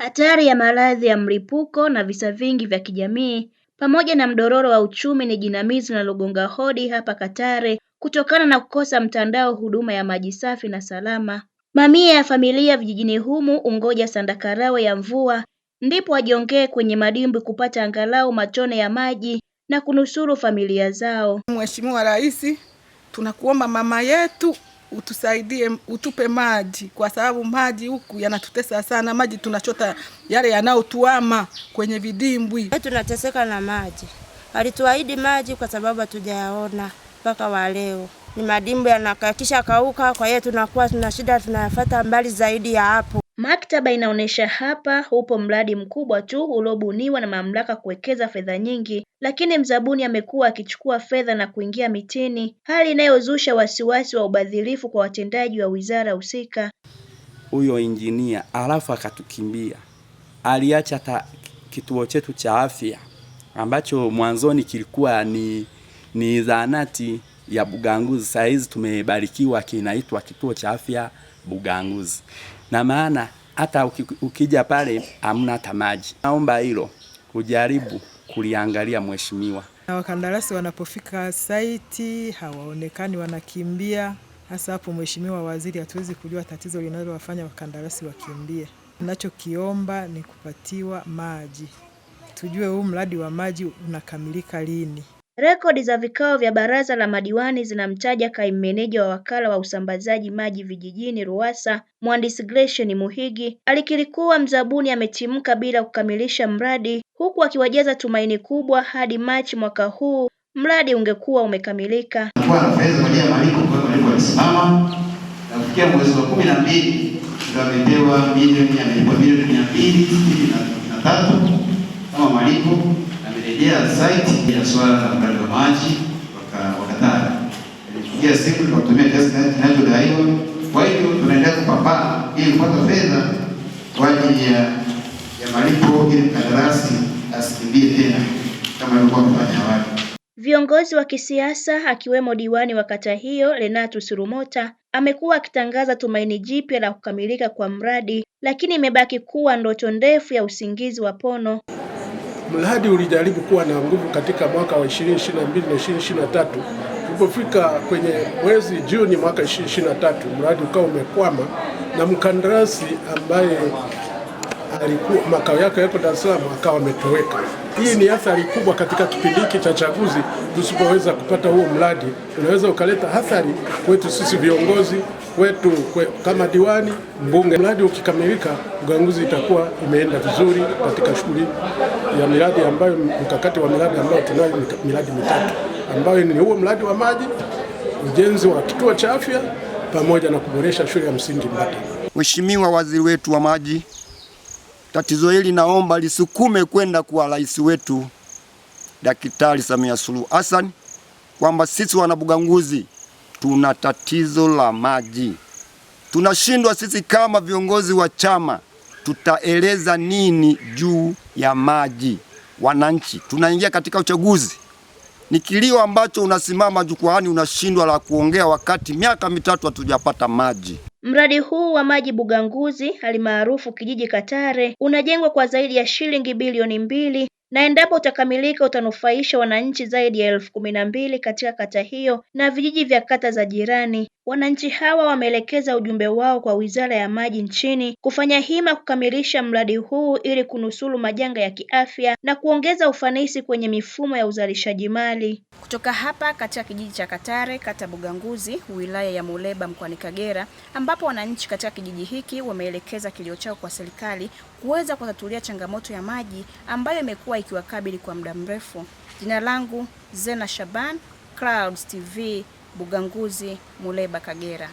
Hatari ya maradhi ya mlipuko na visa vingi vya kijamii pamoja na mdororo wa uchumi ni jinamizi linalogonga hodi hapa Katare kutokana na kukosa mtandao huduma ya maji safi na salama. Mamia ya familia vijijini humu ungoja sandakarawe ya mvua ndipo wajiongee kwenye madimbwi kupata angalau matone ya maji na kunusuru familia zao. Mheshimiwa Rais, tunakuomba mama yetu utusaidie, utupe maji, kwa sababu maji huku yanatutesa sana. Maji tunachota yale yanayotuama kwenye vidimbwi, tunateseka na maji. Alituahidi maji, kwa sababu hatujayaona mpaka wa leo. Ni madimbu yanakakisha kauka, kwa hiyo tunakuwa tuna shida, tunayafata mbali zaidi ya hapo. Maktaba inaonyesha hapa upo mradi mkubwa tu uliobuniwa na mamlaka kuwekeza fedha nyingi, lakini mzabuni amekuwa akichukua fedha na kuingia mitini, hali inayozusha wasiwasi wa ubadhirifu kwa watendaji wa wizara husika. Huyo injinia alafu akatukimbia, aliacha ta kituo chetu cha afya ambacho mwanzoni kilikuwa ni, ni zahanati ya Buganguzi. Saa hizi tumebarikiwa kinaitwa kituo cha afya Buganguzi na maana hata ukija pale hamna hata maji. Naomba hilo ujaribu kuliangalia mheshimiwa. Na wakandarasi wanapofika saiti hawaonekani, wanakimbia. Hasa hapo, mheshimiwa waziri, hatuwezi kujua tatizo linalowafanya wakandarasi wakimbie. Nachokiomba ni kupatiwa maji, tujue huu mradi wa maji unakamilika lini. Rekodi za vikao vya Baraza la Madiwani zinamtaja Kaimu Meneja wa Wakala wa Usambazaji Maji Vijijini RUWASA, Mhandisi Gretchen Muhigi, alikiri kuwa mzabuni ametimka bila kukamilisha mradi, huku akiwajaza tumaini kubwa hadi Machi mwaka huu mradi ungekuwa umekamilika. Kwa malipo alisimama na kufikia mwezi wa kumi na mbili ndio amepewa milioni amelipwa milioni mia na kama malipo nilipoingia site ya swala la mradi wa maji wakataa, nilipigia simu nikatumia kiasi kinachodaiwa. Kwa hiyo tunaendelea kupambana ili kupata fedha kwa ajili ya ya malipo ili mkandarasi asikimbie tena kama alikuwa amefanya awali. Viongozi wa kisiasa akiwemo diwani wa kata hiyo Renatus Surumota amekuwa akitangaza tumaini jipya la kukamilika kwa mradi, lakini imebaki kuwa ndoto ndefu ya usingizi wa pono. Mradi ulijaribu kuwa na nguvu katika mwaka wa 2022 na 2023. Tulipofika kwenye mwezi Juni mwaka 2023, mradi ukawa umekwama na mkandarasi ambaye alikuwa makao yake yako Dar es Salaam akawa ametoweka. Hii ni athari kubwa katika kipindi hiki cha chaguzi. Tusipoweza kupata huo mradi, unaweza ukaleta athari kwetu sisi viongozi wetu kwe, kama diwani mbunge. Mradi ukikamilika, Uganguzi itakuwa imeenda vizuri katika shughuli ya miradi ambayo mkakati wa miradi ambayo tunayo miradi mitatu ambayo ni huo mradi wa maji, ujenzi wa kituo cha afya pamoja na kuboresha shule ya msingi Mbata. Mheshimiwa Waziri wetu wa maji, tatizo hili naomba lisukume kwenda kwa rais wetu Daktari Samia Suluhu Hassan kwamba sisi wanabuganguzi tuna tatizo la maji. Tunashindwa sisi kama viongozi wa chama, tutaeleza nini juu ya maji wananchi? Tunaingia katika uchaguzi, ni kilio ambacho unasimama jukwaani unashindwa la kuongea, wakati miaka mitatu hatujapata maji. Mradi huu wa maji Buganguzi alimaarufu kijiji Katare unajengwa kwa zaidi ya shilingi bilioni mbili na endapo utakamilika utanufaisha wananchi zaidi ya elfu kumi na mbili katika kata hiyo na vijiji vya kata za jirani. Wananchi hawa wameelekeza ujumbe wao kwa Wizara ya Maji nchini kufanya hima kukamilisha mradi huu ili kunusuru majanga ya kiafya na kuongeza ufanisi kwenye mifumo ya uzalishaji mali. Kutoka hapa katika kijiji cha Katare, kata Buganguzi, wilaya ya Muleba mkoani Kagera, ambapo wananchi katika kijiji hiki wameelekeza kilio chao kwa serikali kuweza kutatulia changamoto ya maji ambayo imekuwa ikiwakabili kwa muda mrefu. Jina langu Zena Shaban, Clouds TV, Buganguzi, Muleba, Kagera.